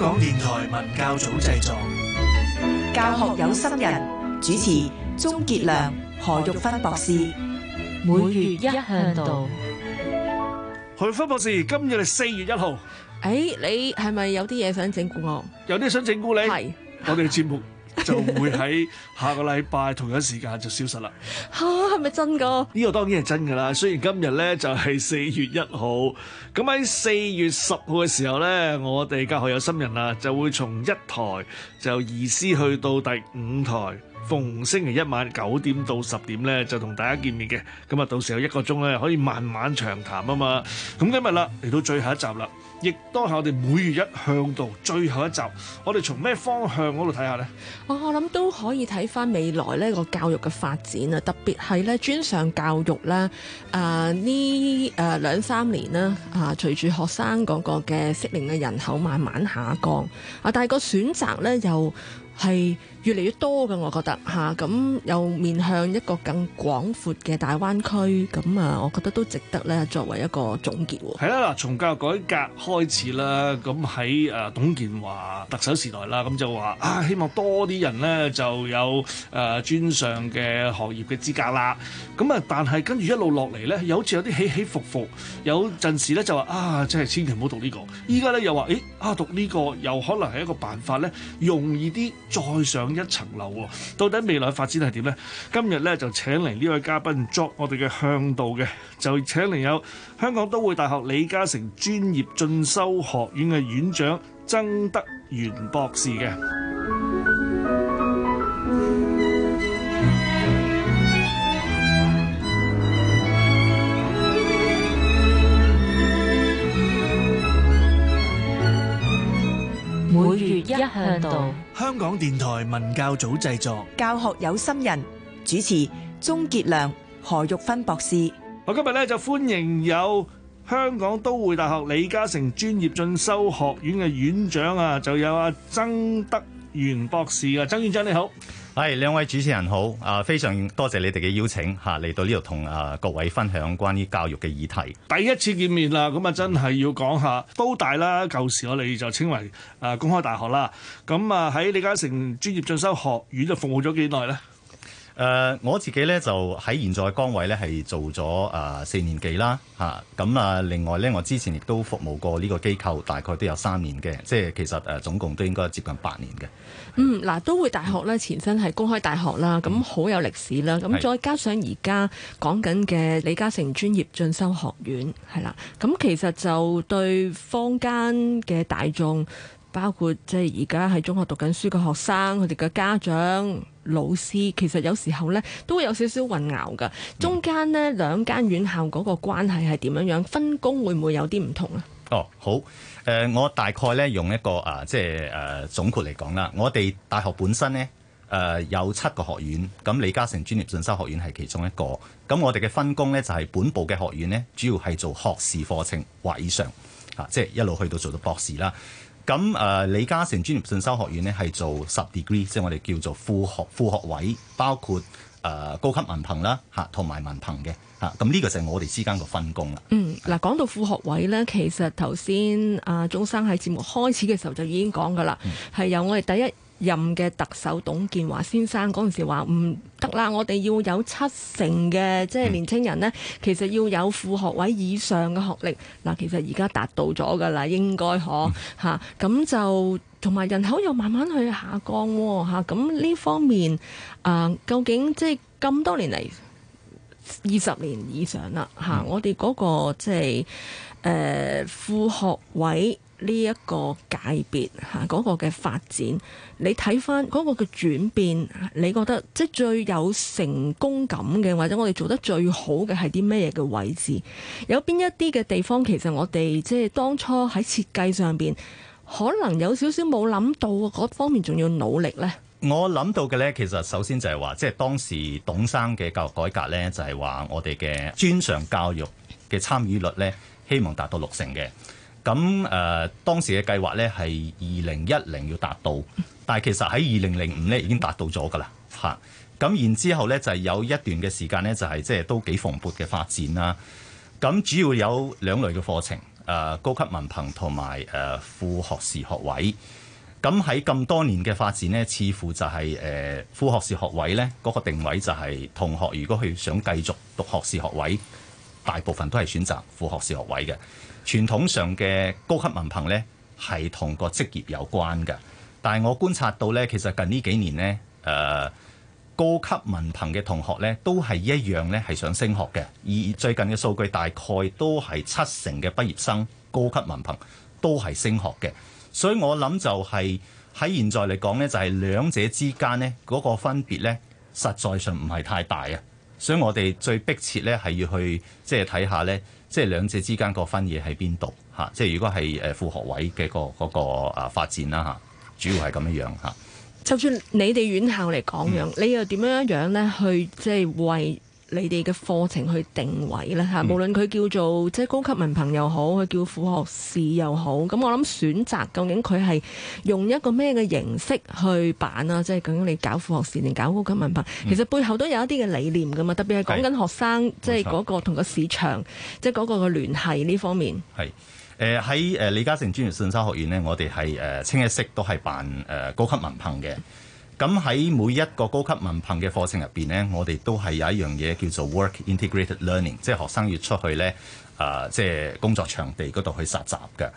香港電台文教組製作，教學有心人主持，鍾傑良、何玉芬博士，每月一嚮導。何玉芬博士，今日係四月一號。誒，你係咪有啲嘢想整蠱我？有啲想整蠱你，係我哋嘅節目。 就會喺下個禮拜同樣時間就消失啦嚇、啊，係咪真噶？呢、呢個當然係真㗎啦。雖然今日呢就係、係、四月一號，咁喺四月十號嘅時候呢，我哋教學有心人啊，就會從一台就移師去到第五台，逢星期一晚九點到十點呢，就同大家見面嘅。咁啊，到時候一個鐘呢，可以慢慢長談啊嘛。咁今日啦，嚟到最後一集啦。亦都係我哋每月一嚮導最後一集，我哋從咩方向嗰度睇下呢？我我諗都可以睇翻未來呢個教育嘅發展啊，特別係呢專上教育呢。啊呢誒兩三年呢，啊、呃、隨住學生嗰個嘅適齡嘅人口慢慢下降啊，但係個選擇呢又係越嚟越多㗎，我覺得嚇，咁又面向一個更廣闊嘅大灣區，咁啊，我覺得都值得咧，作為一個總結喎。係啦，嗱，從教育改革開始啦，咁喺誒董建華特首時代啦，咁就話啊，希望多啲人咧就有誒專上嘅學業嘅資格啦。咁啊，但係跟住一路落嚟咧，又好似有啲起起伏伏，有陣時咧就話啊，真係千祈唔好讀呢個。依家咧又話，誒啊，讀呢個又可能係一個辦法咧，容易啲。再上一層樓喎，到底未來發展係點呢？今日咧就請嚟呢位嘉賓作我哋嘅嚮導嘅，就請嚟有香港都會大學李嘉誠專業進修學院嘅院長曾德源博士嘅。每月一嚮導，香港電台文教組製作，教學有心人主持，鍾傑良、何玉芬博士。我今日咧就歡迎有香港都會大學李嘉誠專業進修學院嘅院長啊，就有阿曾德。袁博士啊，曾院長你好，係兩位主持人好，啊非常多謝你哋嘅邀請吓，嚟到呢度同啊各位分享關於教育嘅議題。第一次見面啦，咁啊真係要講下，都大啦，舊時我哋就稱為啊公開大學啦，咁啊喺李嘉誠專業進修學院就服務咗幾耐咧？誒、呃、我自己咧就喺現在嘅崗位咧係做咗誒四年幾啦嚇，咁啊另外咧我之前亦都服務過呢個機構，大概都有三年嘅，即係其實誒、呃、總共都應該接近八年嘅。嗯，嗱都會大學咧前身係公開大學啦，咁、嗯、好有歷史啦，咁再加上而家講緊嘅李嘉誠專業進修學院係啦，咁其實就對坊間嘅大眾，包括即係而家喺中學讀緊書嘅學生，佢哋嘅家長、老師，其實有時候呢都會有少少混淆㗎。中間呢兩間院校嗰個關係係點樣樣？分工會唔會有啲唔同咧？哦，好誒、呃，我大概呢用一個啊、呃，即係誒、呃、總括嚟講啦。我哋大學本身呢誒、呃、有七個學院，咁李嘉誠專業進修學院係其中一個。咁我哋嘅分工呢就係、是、本部嘅學院呢主要係做學士課程或以上啊，即係一路去到做到博士啦。咁誒、呃，李嘉誠專業進修學院咧，係做 sub degree，即係我哋叫做副學副學位，包括誒、呃、高級文憑啦嚇，同、啊、埋文憑嘅嚇。咁、啊、呢個就係我哋之間個分工啦。嗯，嗱，講到副學位咧，其實頭先阿鐘生喺節目開始嘅時候就已經講噶啦，係、嗯、由我哋第一。任嘅特首董建華先生嗰陣時話唔得啦，我哋要有七成嘅即係年青人咧，其實要有副學位以上嘅學歷，嗱，其實而家達到咗噶啦，應該可吓，咁、嗯啊、就同埋人口又慢慢去下降喎、啊、嚇。咁、啊、呢方面啊，究竟即係咁多年嚟二十年以上啦吓、啊，我哋嗰、個即係誒副學位。呢一個界別嚇，嗰個嘅發展，你睇翻嗰個嘅轉變，你覺得即係最有成功感嘅，或者我哋做得最好嘅係啲咩嘢嘅位置？有邊一啲嘅地方其實我哋即係當初喺設計上邊可能有少少冇諗到嗰方面，仲要努力呢？我諗到嘅呢，其實首先就係話，即係當時董生嘅教育改革呢，就係話我哋嘅專上教育嘅參與率呢，希望達到六成嘅。咁誒、呃，當時嘅計劃咧係二零一零要達到，但係其實喺二零零五咧已經達到咗㗎啦嚇。咁然之後咧就係有一段嘅時間咧就係即係都幾蓬勃嘅發展啦。咁主要有兩類嘅課程誒、呃，高級文憑同埋誒副學士學位。咁喺咁多年嘅發展咧，似乎就係、是、誒、呃、副學士學位咧嗰、那個定位就係、是、同學如果佢想繼續讀學士學位，大部分都係選擇副學士學位嘅。傳統上嘅高級文憑呢，係同個職業有關嘅。但係我觀察到呢，其實近呢幾年呢，誒、呃、高級文憑嘅同學呢，都係一樣呢，係想升學嘅。而最近嘅數據大概都係七成嘅畢業生高級文憑都係升學嘅。所以我諗就係、是、喺現在嚟講呢，就係、是、兩者之間呢嗰、那個分別呢，實在上唔係太大啊。所以我哋最迫切呢，係要去即係睇下呢。即係兩者之間個分野喺邊度嚇？即係如果係誒副學位嘅個嗰個啊發展啦嚇，主要係咁樣樣嚇。就算你哋院校嚟講樣，你又點樣樣咧去即係為？你哋嘅課程去定位啦。嚇，無論佢叫做即係高級文憑又好，佢叫副學士又好，咁我諗選擇究竟佢係用一個咩嘅形式去辦啊？即係究竟你搞副學士定搞高級文憑，嗯，其實背後都有一啲嘅理念噶嘛，特別係講緊學生即係嗰個同個市場即係嗰個嘅聯繫呢方面。係誒喺誒李嘉誠專業進修學院呢，我哋係誒清一色都係辦誒高級文憑嘅。咁喺每一個高級文憑嘅課程入面呢，我哋都係有一樣嘢叫做 work-integrated learning，即係學生要出去呢，啊，即係工作場地嗰度去實習嘅。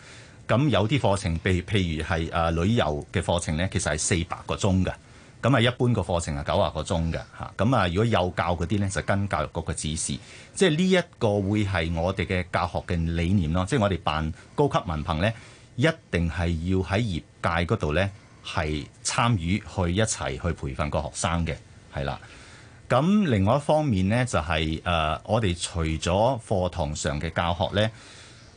咁有啲課程比，譬譬如係啊旅遊嘅課程呢，其實係四百個鐘嘅。咁啊，一般個課程係九啊個鐘嘅嚇。咁啊，如果幼教嗰啲呢，就跟教育局嘅指示。即係呢一個會係我哋嘅教學嘅理念咯。即係我哋辦高級文憑呢，一定係要喺業界嗰度呢。係參與去一齊去培訓個學生嘅係啦。咁另外一方面呢，就係、是呃、我哋除咗課堂上嘅教學呢，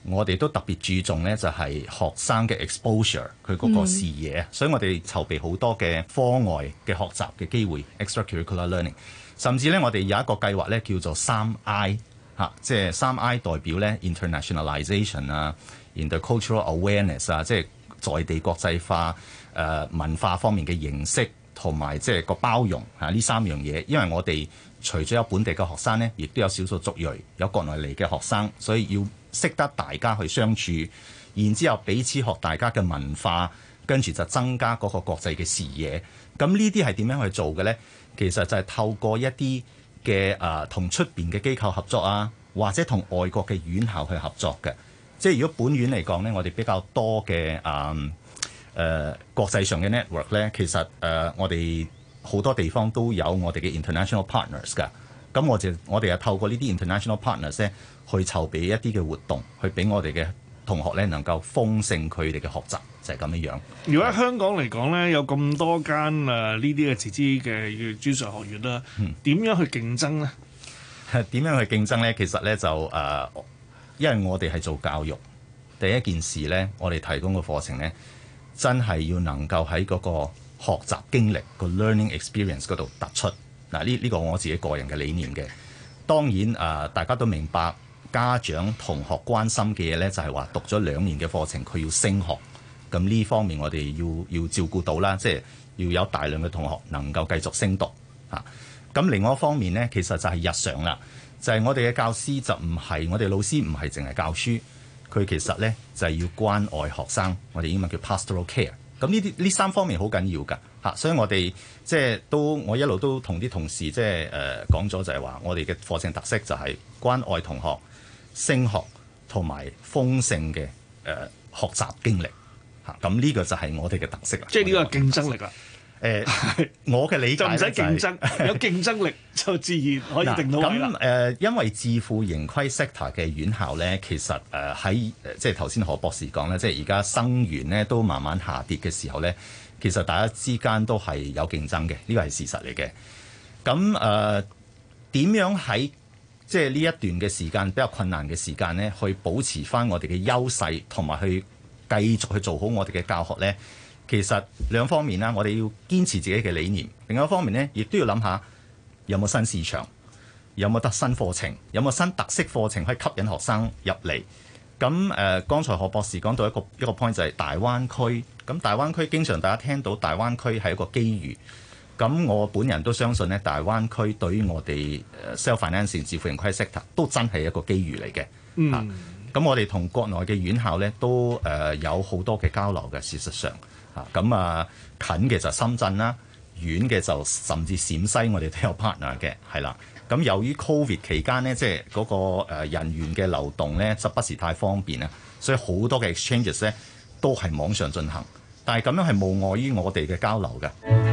我哋都特別注重呢就係、是、學生嘅 exposure 佢嗰個視野，嗯、所以我哋籌備好多嘅課外嘅學習嘅機會 （extra curricular learning）。甚至呢，我哋有一個計劃呢叫做三 I 吓，即係三 I 代表呢 internationalization 啊，intercultural awareness 啊，即係在地國際化。誒文化方面嘅認識同埋即係個包容嚇，呢三樣嘢，因為我哋除咗有本地嘅學生呢，亦都有少數族裔有國內嚟嘅學生，所以要識得大家去相處，然之後彼此學大家嘅文化，跟住就增加嗰個國際嘅視野。咁呢啲係點樣去做嘅呢？其實就係透過一啲嘅，誒同出邊嘅機構合作啊，或者同外國嘅院校去合作嘅。即係如果本院嚟講呢，我哋比較多嘅誒。呃誒、呃、國際上嘅 network 咧，其實誒、呃、我哋好多地方都有我哋嘅 international partners 㗎。咁我哋我哋係透過呢啲 international partners 咧，去籌備一啲嘅活動，去俾我哋嘅同學咧能夠豐盛佢哋嘅學習，就係咁樣樣。如果喺香港嚟講咧，有咁多間誒呢啲嘅自資嘅專上學院啦，點樣去競爭呢？嗯、啊、點樣去競爭咧？其實咧就誒、呃，因為我哋係做教育，第一件事咧，我哋提供嘅課程咧。真係要能夠喺嗰個學習經歷個 learning experience 嗰度突出嗱，呢呢個我自己個人嘅理念嘅。當然啊，大家都明白家長同學關心嘅嘢呢，就係話讀咗兩年嘅課程佢要升學，咁呢方面我哋要要照顧到啦，即係要有大量嘅同學能夠繼續升讀啊。咁另外一方面呢，其實就係日常啦，就係我哋嘅教師，就唔係我哋老師，唔係淨係教書。佢其實咧就係、是、要關愛學生，我哋英文叫 pastoral care。咁呢啲呢三方面好緊要㗎嚇，所以我哋即係都我一路都同啲同事即係誒講咗，呃、就係話我哋嘅課程特色就係關愛同學、升學同埋豐盛嘅誒學習經歷嚇。咁、啊、呢、這個就係我哋嘅特色啊！即係呢個競爭力啊！誒， 我嘅理解就唔使競爭，就係、 有競爭力就自然可以定到。咁誒、呃，因為自負盈虧 sector 嘅院校咧，其實誒喺、呃、即係頭先何博士講咧，即係而家生源咧都慢慢下跌嘅時候咧，其實大家之間都係有競爭嘅，呢個係事實嚟嘅。咁誒，點、呃、樣喺即係呢一段嘅時間比較困難嘅時間咧，去保持翻我哋嘅優勢，同埋去繼續去做好我哋嘅教學咧？其實兩方面啦，我哋要堅持自己嘅理念；另外一方面呢，亦都要諗下有冇新市場，有冇得新課程，有冇新特色課程可以吸引學生入嚟。咁誒、呃，剛才何博士講到一個一個 point 就係大灣區。咁大灣區經常大家聽到大灣區係一個機遇。咁我本人都相信呢，大灣區對於我哋 self-financing 自負盈虧 sector 都真係一個機遇嚟嘅。咁、mm. 啊、我哋同國內嘅院校呢，都、呃、有好多嘅交流嘅，事實上。咁啊近嘅就深圳啦，遠嘅就甚至陝西，我哋都有 partner 嘅，係啦。咁由於 COVID 期間咧，即係嗰個誒人員嘅流動咧，就不是太方便啦，所以好多嘅 exchanges 咧都係網上進行，但係咁樣係無礙於我哋嘅交流嘅。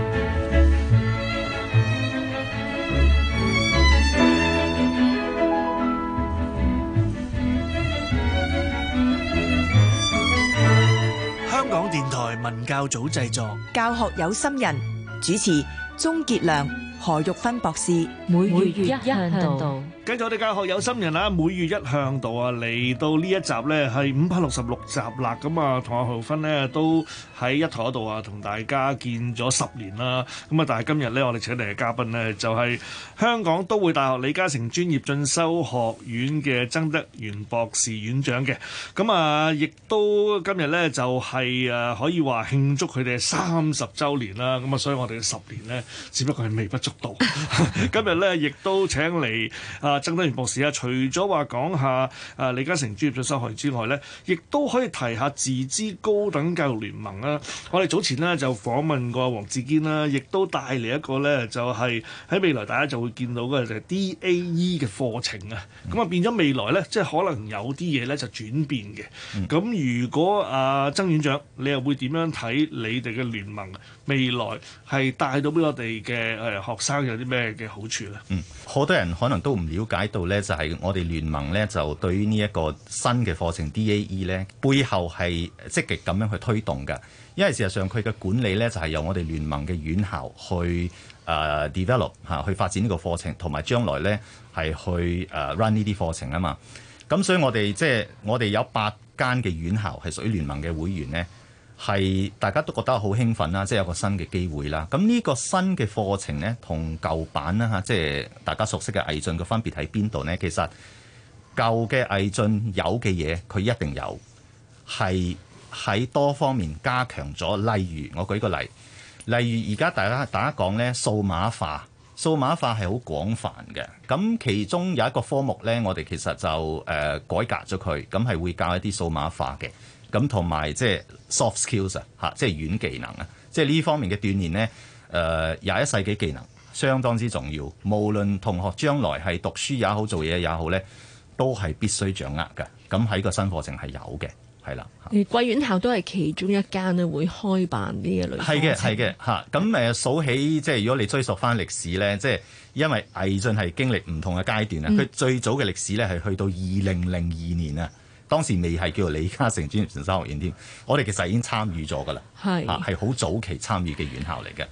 文教組製作，教學有心人主持，鍾傑良。何玉芬博士每月一嚮導，跟住我哋教學有心人啊，每月一嚮導啊，嚟到呢一集咧，係五百六十六集啦。咁啊，同阿何玉芬咧，都喺一台嗰度啊，同大家見咗十年啦。咁啊，但係今日咧，我哋請嚟嘅嘉賓咧就係香港都會大學李嘉誠專業進修學院嘅曾德源博士院長嘅。咁啊，亦都今日咧就係誒可以話慶祝佢哋三十周年啦。咁啊，所以我哋嘅十年咧只不過係微不足度。 今日咧，亦都請嚟啊、呃、曾德源博士啊。除咗話講下啊、呃、李嘉誠專業進修學院之外咧，亦都可以提下自資高等教育聯盟啦、啊。我哋早前呢，就訪問過黃志堅啦、啊，亦都帶嚟一個咧就係、是、喺未來大家就會見到嘅就係 DAE 嘅課程啊。咁、嗯、啊變咗未來咧，即係可能有啲嘢咧就轉變嘅。咁、嗯、如果啊、呃、曾院長，你又會點樣睇你哋嘅聯盟？未來係帶到俾我哋嘅誒學生有啲咩嘅好處咧？嗯，好多人可能都唔了解到咧，就係我哋聯盟咧就對於呢一個新嘅課程 DAE 咧，背後係積極咁樣去推動嘅。因為事實上佢嘅管理咧就係由我哋聯盟嘅院校去誒 develop 嚇去發展呢個課程，同埋將來咧係去誒 run 呢啲課程啊嘛。咁所以我哋即係我哋有八間嘅院校係屬於聯盟嘅會員咧。係大家都覺得好興奮啦，即係有個新嘅機會啦。咁呢個新嘅課程咧，同舊版啦嚇，即係大家熟悉嘅毅進嘅分別喺邊度咧？其實舊嘅毅進有嘅嘢，佢一定有，係喺多方面加強咗。例如，我舉個例，例如而家大家大家講咧數碼化。數碼化係好廣泛嘅，咁其中有一個科目呢，我哋其實就誒、呃、改革咗佢，咁係會教一啲數碼化嘅，咁同埋即係 soft skills 啊，嚇，即係軟技能啊，即係呢方面嘅鍛鍊呢。誒，廿一世紀技能相當之重要，無論同學將來係讀書也好，做嘢也好呢，都係必須掌握嘅，咁喺個新課程係有嘅。係啦，而貴院校都係其中一間咧，會開辦呢一類。係嘅，係嘅，嚇咁誒，數起即係如果你追溯翻歷史咧，即係因為毅進係經歷唔同嘅階段啊。佢、嗯、最早嘅歷史咧係去到二零零二年啊，當時未係叫做李嘉誠專業進修學院添，我哋其實已經參與咗噶啦，係係好早期參與嘅院校嚟嘅。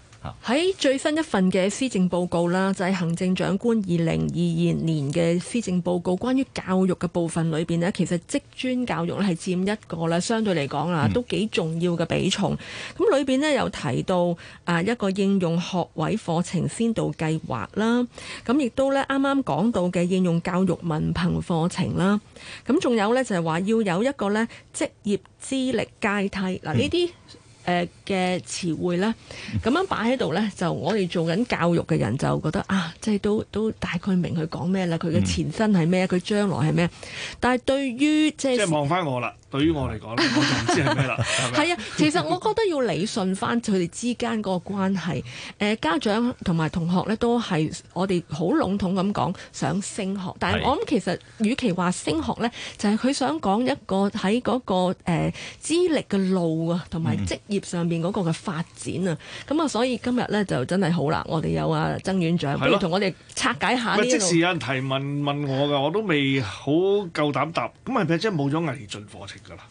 喺最新一份嘅施政報告啦，就係行政長官二零二二年嘅施政報告，關於教育嘅部分裏邊呢，其實職專教育咧係佔一個啦，相對嚟講啊，都幾重要嘅比重。咁裏邊呢，有提到啊一個應用學位課程先導計劃啦，咁亦都咧啱啱講到嘅應用教育文憑課程啦，咁仲有咧就係話要有一個咧職業資歷階梯嗱呢啲。誒、呃、嘅詞彙咧，咁樣擺喺度咧，就我哋做緊教育嘅人就覺得啊，即係都都大概明佢講咩啦，佢嘅前身係咩，佢將來係咩。但係對於即係，即係望返我啦。對於我嚟講咧，唔知係咩啦，係 啊，其實我覺得要理順翻佢哋之間嗰個關係。呃、家長同埋同學咧，都係我哋好籠統咁講想升學，但係我諗其實與其話升學咧，就係、是、佢想講一個喺嗰、那個誒、呃、資歷嘅路啊，同埋職業上面嗰個嘅發展啊。咁、嗯、啊，所以今日咧就真係好啦，我哋有啊，曾院長，不如同我哋拆解下、這個、即時有人提問問我㗎，我都未好夠膽答。咁係咪真係冇咗毅進課程？噶啦，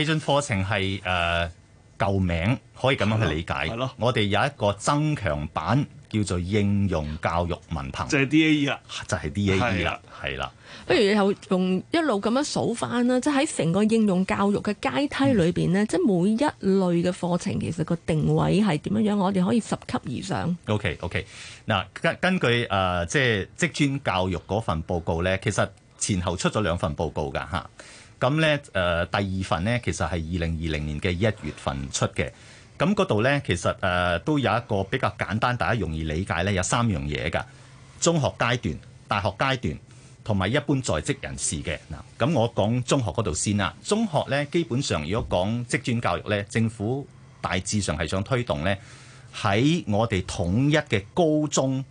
毅進課程係誒舊名，可以咁樣去理解。我哋有一個增強版，叫做應用教育文憑，即係 D A E 啦，就係、是、D A E 啦，係、就、啦、是。不如又用一路咁樣數返啦，即係喺成個應用教育嘅階梯裏邊呢、嗯，即係每一類嘅課程，其實個定位係點樣樣？我哋可以十級以上。O K O K，嗱根根據誒即係職專教育嗰份報告呢，其實前後出咗兩份報告噶吓。咁咧，誒、呃、第二份呢，其實係二零二零年嘅一月份出嘅。咁嗰度呢，其實誒、呃、都有一個比較簡單，大家容易理解呢，有三樣嘢㗎。中學階段、大學階段同埋一般在職人士嘅嗱。咁我講中學嗰度先啊。中學呢，基本上如果講職專教育呢，政府大致上係想推動呢，喺我哋統一嘅高中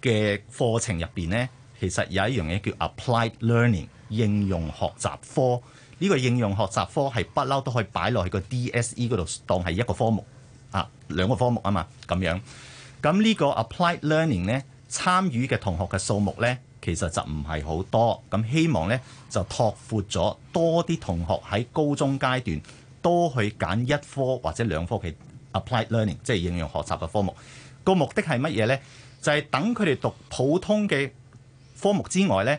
嘅課程入邊呢，其實有一樣嘢叫 Applied Learning。應用學習科，呢個應用學習科係不嬲都可以擺落去個 DSE 嗰度，當係一個科目啊、兩個科目啊嘛咁樣，咁呢個 Applied Learning 呢，參與嘅同學嘅數目呢，其實就唔係好多，咁希望呢，就拓闊咗多啲同學喺高中階段多去揀一科或者兩科嘅 Applied Learning，即係應用學習嘅科目。個目的係乜嘢呢？就係等佢哋讀普通嘅科目之外呢。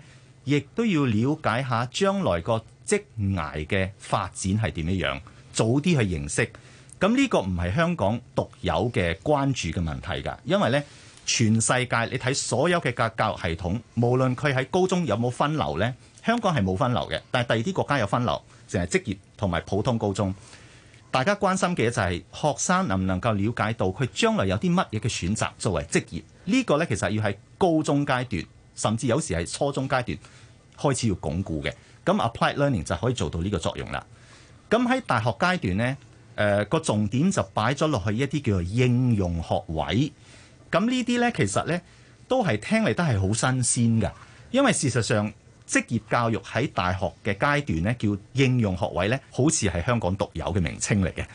亦都要了解下將來個職涯嘅發展係點樣，早啲去認識。咁呢個唔係香港獨有嘅關注嘅問題㗎，因為呢，全世界你睇所有嘅教教育系統，無論佢喺高中有冇分流呢，香港係冇分流嘅，但係第二啲國家有分流，淨係職業同埋普通高中。大家關心嘅就係學生能唔能夠了解到佢將來有啲乜嘢嘅選擇作為職業？呢個呢，其實要喺高中階段，甚至有時係初中階段。開始要鞏固嘅，咁 applied learning 就可以做到呢個作用啦。咁喺大學階段呢，誒個、呃、重點就擺咗落去一啲叫做應用學位。咁呢啲呢，其實呢都係聽嚟都係好新鮮㗎，因為事實上職業教育喺大學嘅階段呢，叫應用學位呢，好似係香港獨有嘅名稱嚟嘅。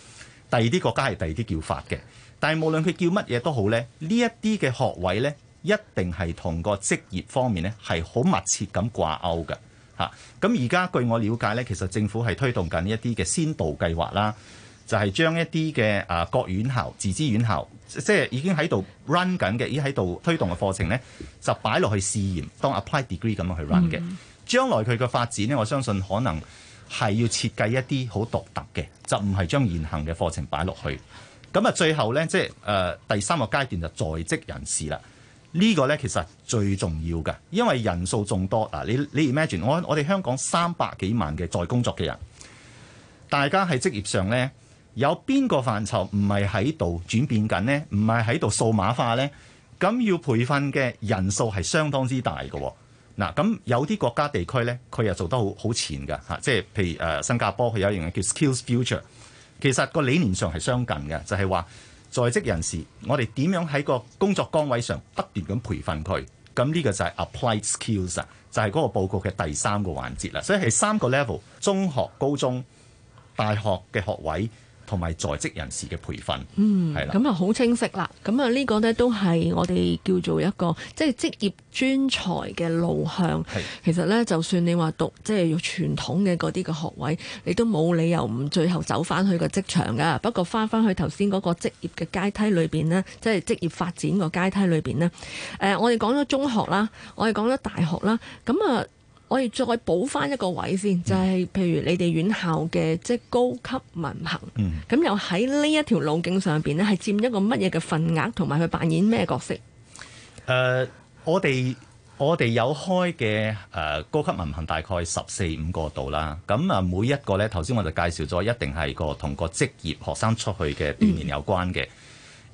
第二啲國家係第二啲叫法嘅，但係無論佢叫乜嘢都好呢，呢一啲嘅學位呢。一定係同個職業方面呢係好密切咁掛鈎嘅嚇。咁而家據我了解呢，其實政府係推動緊一啲嘅先導計劃啦，就係將一啲嘅啊各院校、自資院校，即係已經喺度 run 緊嘅，已喺度推動嘅課程呢，就擺落去試驗，當 apply degree 咁樣去 run 嘅。將來佢嘅發展呢，我相信可能係要設計一啲好獨特嘅，就唔係將現行嘅課程擺落去。咁啊，最後呢，即係誒第三個階段就在職人士啦。呢個咧其實最重要嘅，因為人數仲多啊！你你 imagine 我我哋香港三百幾萬嘅在工作嘅人，大家喺職業上咧，有邊個範疇唔係喺度轉變緊咧？唔係喺度數碼化咧？咁要培訓嘅人數係相當之大嘅。嗱，咁有啲國家地區咧，佢又做得好好前嘅嚇，即係譬如誒新加坡，佢有一樣嘢叫 Skills Future，其實個理念上係相近嘅，就係話。在職人士，我哋點樣喺個工作崗位上不斷咁培訓佢？咁呢個就係 applied skills，就係嗰個報告嘅第三個環節啦。所以係三個 level，中學、高中、大學嘅學位。同埋在職人士嘅培訓，嗯，係啦，咁啊好清晰啦。咁啊呢個呢，都係我哋叫做一個即係職業專才嘅路向。係，其實呢，就算你話讀即係要傳統嘅嗰啲嘅學位，你都冇理由唔最後走翻去個職場噶。不過翻翻去頭先嗰個職業嘅階梯裏邊呢，即係職業發展個階梯裏邊呢。誒，我哋講咗中學啦，我哋講咗大學啦，咁啊。我哋再補翻一個位先，就係、是、譬如你哋院校嘅即係高級文憑，咁、嗯、又喺呢一條路徑上邊呢，係佔一個乜嘢嘅份額，同埋佢扮演咩角色？誒、呃，我哋我哋有開嘅誒、呃、高級文憑，大概十四五個度啦。咁啊，每一個呢，頭先我就介紹咗，一定係個同個職業學生出去嘅鍛鍊有關嘅。嗯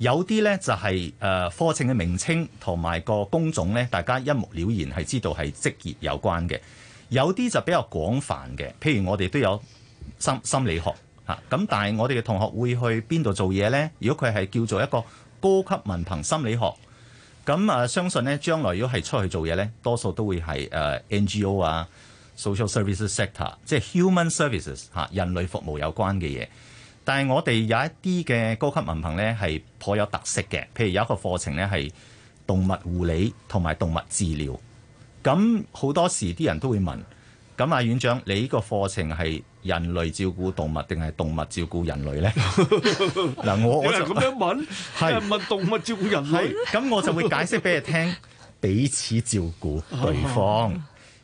有啲呢就係誒課程嘅名稱同埋個工種呢，大家一目了然係知道係職業有關嘅。有啲就比較廣泛嘅，譬如我哋都有心心理學嚇，咁、啊、但係我哋嘅同學會去邊度做嘢呢？如果佢係叫做一個高級文憑心理學，咁啊相信呢將來如果係出去做嘢呢，多數都會係、啊、NGO 啊、Social Services Sector，即係 Human Services 嚇、啊、人類服務有關嘅嘢。但係我哋有一啲嘅高級文憑呢，係頗有特色嘅。譬如有一個課程呢，係動物護理同埋動物治療。咁好多時啲人都會問：「咁啊，院長，你呢個課程係人類照顧動物定係動物照顧人類呢？ 」嗱，我我就咁樣問，係 是 問動物照顧人類。咁 我就會解釋俾你聽，彼此照顧對方。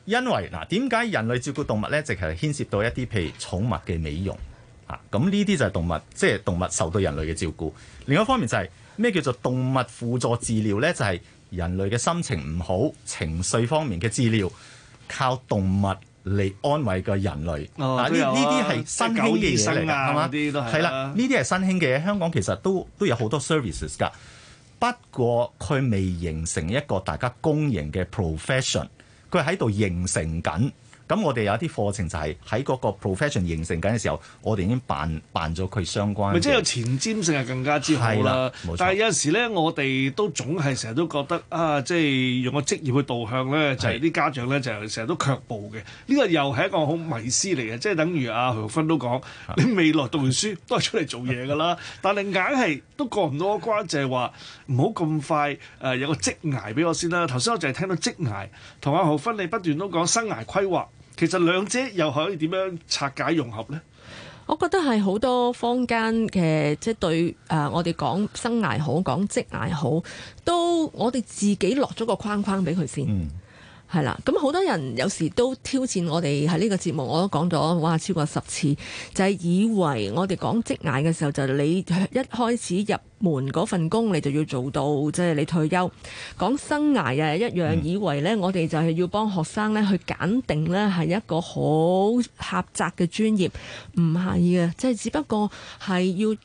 因為嗱，點解人類照顧動物呢，直係牽涉到一啲譬如寵物嘅美容。啊！咁呢啲就係動物，即係動物受到人類嘅照顧。另一方面就係咩叫做動物輔助治療咧？就係人類嘅心情唔好、情緒方面嘅治療，靠動物嚟安慰個人類。嗱呢呢啲係新興嘅嘢嚟㗎，係嘛？啲都係啊。係啦，呢啲係新興嘅嘢。香港其實都都有好多 services 㗎，不過佢未形成一個大家公認嘅 profession，佢喺度形成緊。咁我哋有一啲課程就係喺嗰個 profession 形成緊嘅時候，我哋已經辦辦咗佢相關。咪即係有前瞻性係更加之好啦。但係有時咧，我哋都總係成日都覺得啊，即係用個職業去導向咧，就係啲家長咧就係成日都卻步嘅。呢個又係一個好迷思嚟嘅，即係等於阿何芬都講，你未來讀完書都係出嚟做嘢㗎啦，但係硬係都過唔到個關，就係話唔好咁快誒有個職涯俾我先啦。頭先我就係聽到職涯，同阿何芬你不斷都講生涯規劃。其實兩者又可以點樣拆解融合呢？我覺得係好多坊間嘅，即對誒、呃，我哋講生涯好，講職涯好，都我哋自己落咗個框框俾佢先。嗯係啦，咁好多人有時都挑戰我哋喺呢個節目，我都講咗，哇，超過十次，就係、是、以為我哋講職涯嘅時候，就是、你一開始入門嗰份工，你就要做到，即、就、係、是、你退休。講生涯誒一樣，嗯、以為呢我哋就係要幫學生呢去揀定呢係一個好狹窄嘅專業，唔係嘅，即、就、係、是、只不過係要。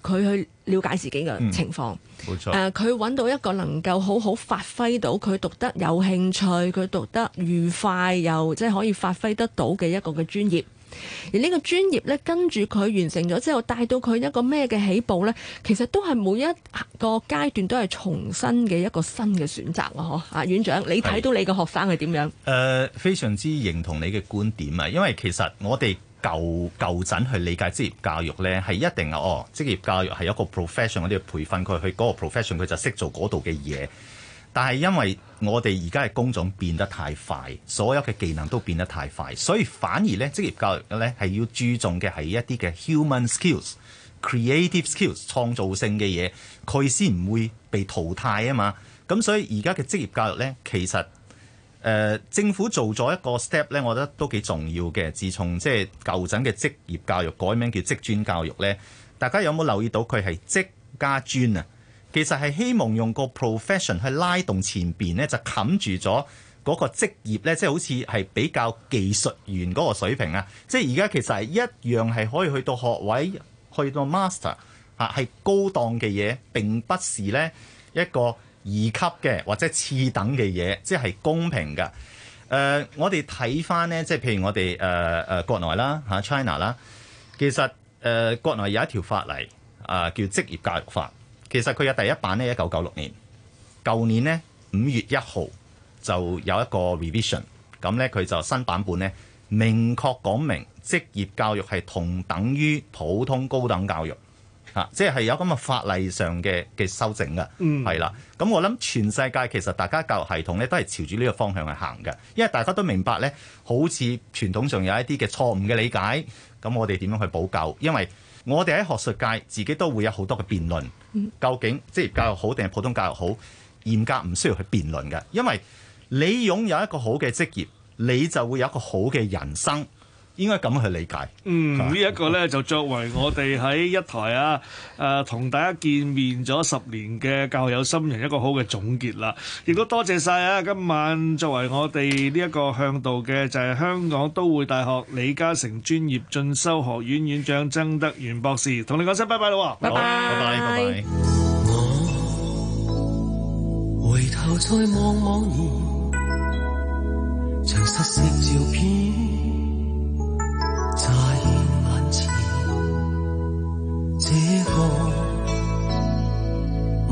佢去了解自己嘅情況，誒、嗯，冇錯，佢揾、呃、到一個能夠好好發揮到佢讀得有興趣，佢讀得愉快又即係可以發揮得到嘅一個嘅專業。而這個專業呢個專業咧，跟住佢完成咗之後帶到佢一個咩嘅起步咧？其實都係每一個階段都係重新嘅一個新嘅選擇咯，啊，院長，你睇到你嘅學生係點樣誒、呃？非常之認同你嘅觀點啊，因為其實我哋。舊舊陣去理解職業教育呢，係一定啊！哦，職業教育係一個 professional 嘅培訓佢，佢去嗰個 professional 佢就識做嗰度嘅嘢。但係因為我哋而家嘅工種變得太快，所有嘅技能都變得太快，所以反而呢職業教育呢，係要注重嘅係一啲嘅 human skills、creative skills 創造性嘅嘢，佢先唔會被淘汰啊嘛。咁所以而家嘅職業教育呢，其實誒、呃、政府做咗一個 step 咧，我覺得都幾重要嘅。自從即係舊陣嘅職業教育改名叫職專教育咧，大家有冇留意到佢係職加專啊？其實係希望用個 profession 去拉動前邊咧，就冚住咗嗰個職業咧，即係好似係比較技術員嗰個水平啊。即係而家其實一樣係可以去到學位，去到 master 啊係高檔嘅嘢，並不是咧一個。二級嘅或者次等嘅嘢，即係公平㗎。誒、呃，我哋睇翻呢，即係譬如我哋誒誒國內啦吓 China、啊、啦，其實誒、呃、國內有一條法例啊、呃，叫職業教育法。其實佢有第一版呢，一九九六年。舊年呢，五月一號就有一個 revision，咁呢，佢就新版本呢，明確講明職業教育係同等於普通高等教育。吓，即係有咁嘅法例上嘅嘅修正㗎，係、嗯、啦。咁我諗全世界其實大家教育系統咧都係朝住呢個方向去行嘅，因為大家都明白呢，好似傳統上有一啲嘅錯誤嘅理解，咁我哋點樣去補救？因為我哋喺學術界自己都會有好多嘅辯論，究竟職業教育好定係普通教育好？嚴格唔需要去辯論嘅，因為你擁有一個好嘅職業，你就會有一個好嘅人生。應該咁去理解。嗯，呢一個咧就作為我哋喺一台啊，誒同大家見面咗十年嘅教育有心人一個好嘅總結啦。亦都多謝曬啊！今晚作為我哋呢一個嚮導嘅就係香港都會大學李嘉誠專業進修學院院長曾德源博士，同你講聲拜拜啦！拜拜，拜拜，拜拜。我回頭再望惘然，像失色照片。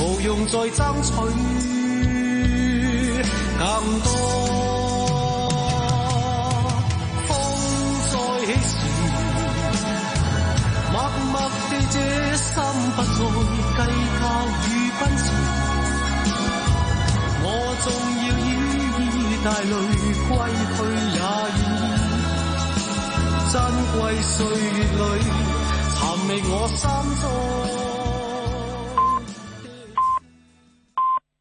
無用再爭取更多，風再起時，默默地這心不再計較與奔馳，我縱要依依帶淚歸去也願意，珍貴歲月裏尋覓我心中。